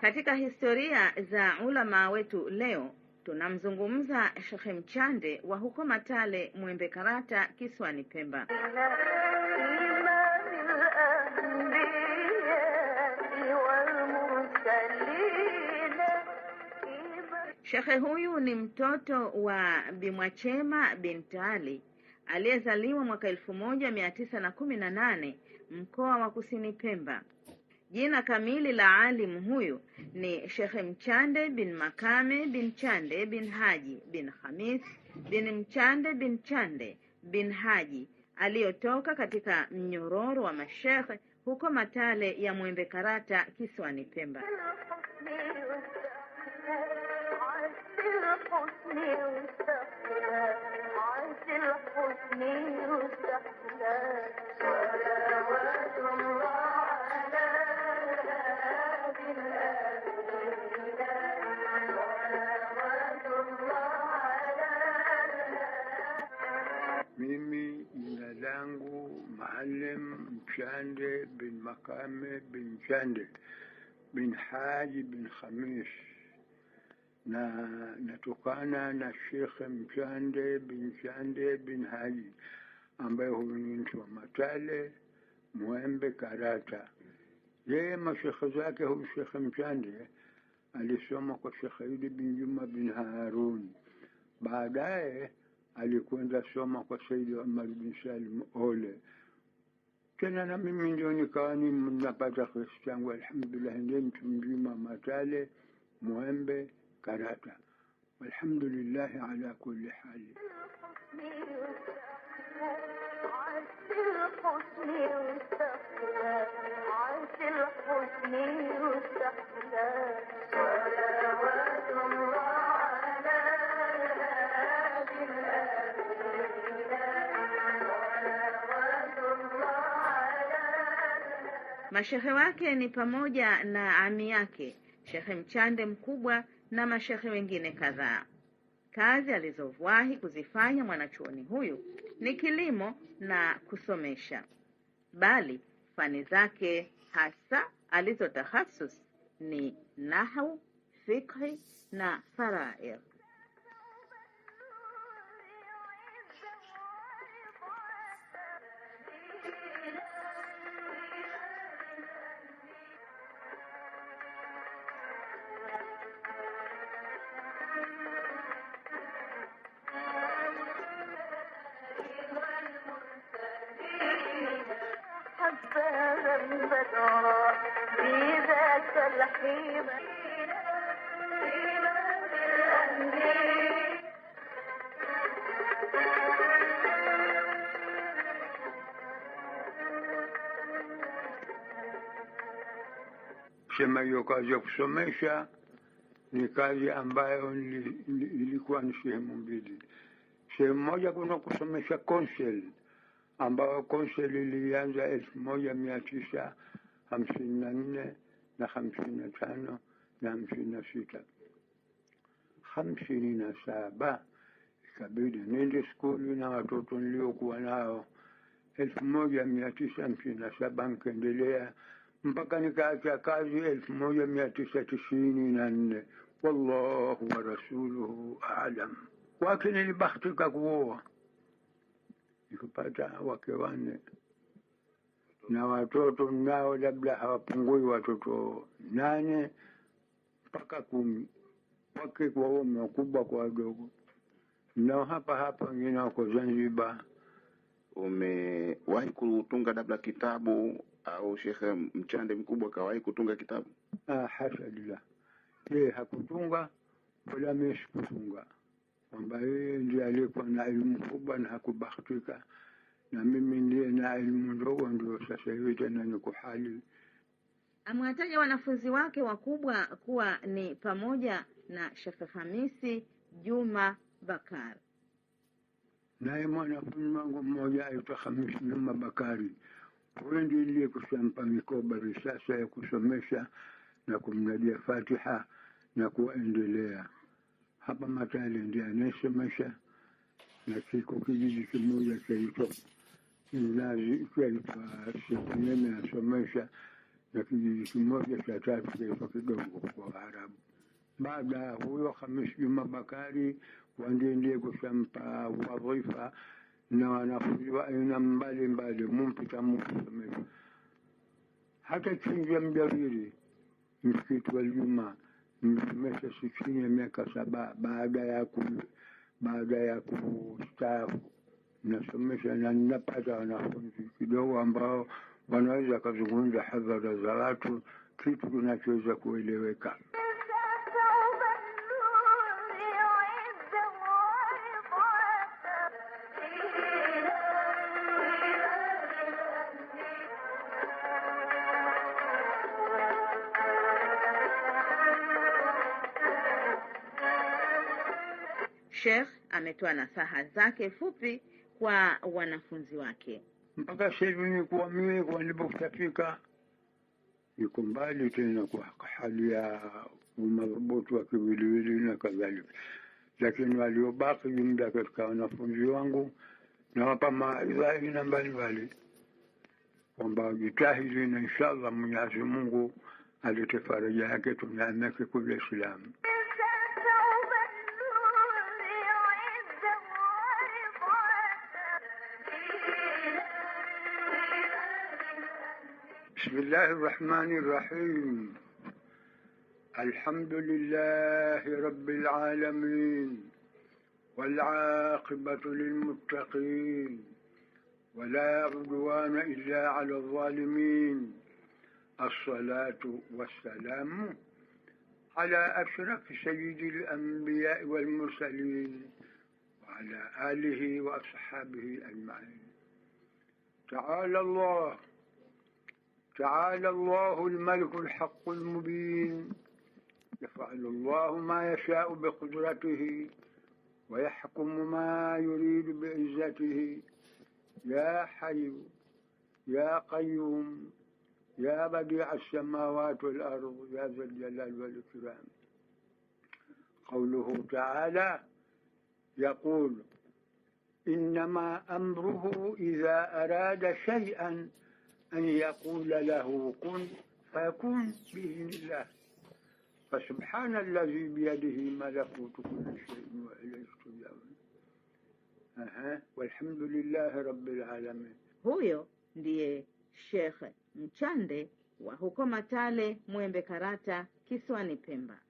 Katika historia za ulama wetu leo tunamzungumza Shekhe Mchande wa huko Matale, Mwembe Karata, kiswani Pemba. Shekhe huyu ni mtoto wa Bimwachema bintali aliyezaliwa mwaka elfu moja mia tisa na kumi na nane mkoa wa Kusini Pemba. Jina kamili la alimu huyu ni Sheikh Mchande bin Makame bin Chande bin Haji bin Hamis bin Mchande bin Chande bin Haji aliyotoka katika mnyororo wa mashekhe huko Matale ya Mwembe Karata kisiwani Pemba. جندي بن مقامي بن جندي bin Haji bin Khamis na natokana na Shekhe Mchande bin Chande bin Haji ambaye huyu ni mtu wa Matale, Mwembe, Karata. Yeye mashekhe zake huyu Shekhe Mchande alisoma kwa Shekhe Idi bin Juma bin Harun, baadaye alikwenda soma kwa Saidi Omar bin Salim Ole كننا من دون كاني من نبات خريستيان والحمد لله نجم تمجيما متالي مهمة كراتا والحمد لله على كل حال حسني وتقوى Mashehe wake ni pamoja na ami yake Shehe Mchande Mkubwa na mashehe wengine kadhaa. Kazi alizowahi kuzifanya mwanachuoni huyu ni kilimo na kusomesha, bali fani zake hasa alizotahasus ni nahau, fikri na faraidh. Sema hiyo kazi ya kusomesha ni kazi ambayo ilikuwa ni sehemu mbili. Sehemu moja kuna kusomesha konseli ambayo konseli lilianza elfu moja mia tisa hamsini na nne na hamsini na tano na hamsini na sita hamsini na saba ikabidi nende skuli na watoto niliokuwa nao elfu moja mia tisa hamsini na saba nikaendelea mpaka nikaacha kazi elfu moja mia tisa tisini na nne wallahu wa rasuluhu alam. Kwake nilibahtika kuoa kupata wake wanne na watoto mnao labda hawapungui watoto nane mpaka kumi, wake kwa waume, wakubwa kwa wadogo. na hapa hapa, wengine wako Zanzibar. Umewahi kutunga labda kitabu au Shekhe Mchande mkubwa kawahi kutunga kitabu? Ah, hasha lillah, yeye hakutunga wala mimi sikutunga kwamba yeye ndiye aliyekuwa na elimu kubwa na hakubahatika, na mimi ndiye na elimu ndogo, ndio sasa hivi tena niko hali. Amewataja wanafunzi wake wakubwa kuwa ni pamoja na Shekhe Hamisi Juma Bakari. Naye mwanafunzi wangu mmoja aitwa Hamisi Juma Bakari, huyo ndiye aliyekushampa mikoba risasa ya kusomesha na kumnadia Fatiha na kuwaendelea hapa Makale ndio maisha na kiko kijiji kimoja chaitwa Mlazi chaitwa sikunene anasomesha na kijiji kimoja cha tatu chaitwa Kidogo kwa Waarabu. Baada ya huyo Hamis Juma Bakari wandie ndiye kushampa wadhifa na wanafunzi wa aina mbalimbali, mumpita mukusomesha hata chinja mjawiri msikiti wa Jumaa nimesomesha sitini ya miaka saba baada ya ku baada ya kustaafu nasomesha na ninapata wanafunzi kidogo ambao wanaweza wakazungumza hadhara za watu kitu kinachoweza kueleweka Sheikh ametoa nasaha zake fupi kwa wanafunzi wake. Mpaka sasa hivi nikuwa mimi kwa nilipotafika niko mbali tena kwa hali ya umaroboto wa kiwiliwili na kadhalika, lakini waliobaki jumla katika wanafunzi wangu nawapa mawaidha aina mbalimbali kwamba wajitahidi na inshallah Mwenyezi Mungu alete faraja yake, tuneemeke kule Islamu. بسم الله الرحمن الرحيم الحمد لله رب العالمين والعاقبة للمتقين ولا عدوان إلا على الظالمين الصلاة والسلام على أشرف سيد الأنبياء والمرسلين وعلى آله وأصحابه أجمعين تعالى الله تعالى الله الملك الحق المبين يفعل الله ما يشاء بقدرته ويحكم ما يريد بعزته يا حي يا قيوم يا بديع السماوات والأرض يا ذا الجلال والإكرام قوله تعالى يقول إنما أمره إذا أراد شيئا an yaqula lahu kun fayakun biidhnillah fasubhana alladhi biyadihi malakutu kulli shay'in wa ilayhi turjaun. Aha, walhamdulillahi rabbil alamin. Huyo ndiye Sheikh Mchande wa huko Matale Mwembe Karata kisiwani Pemba.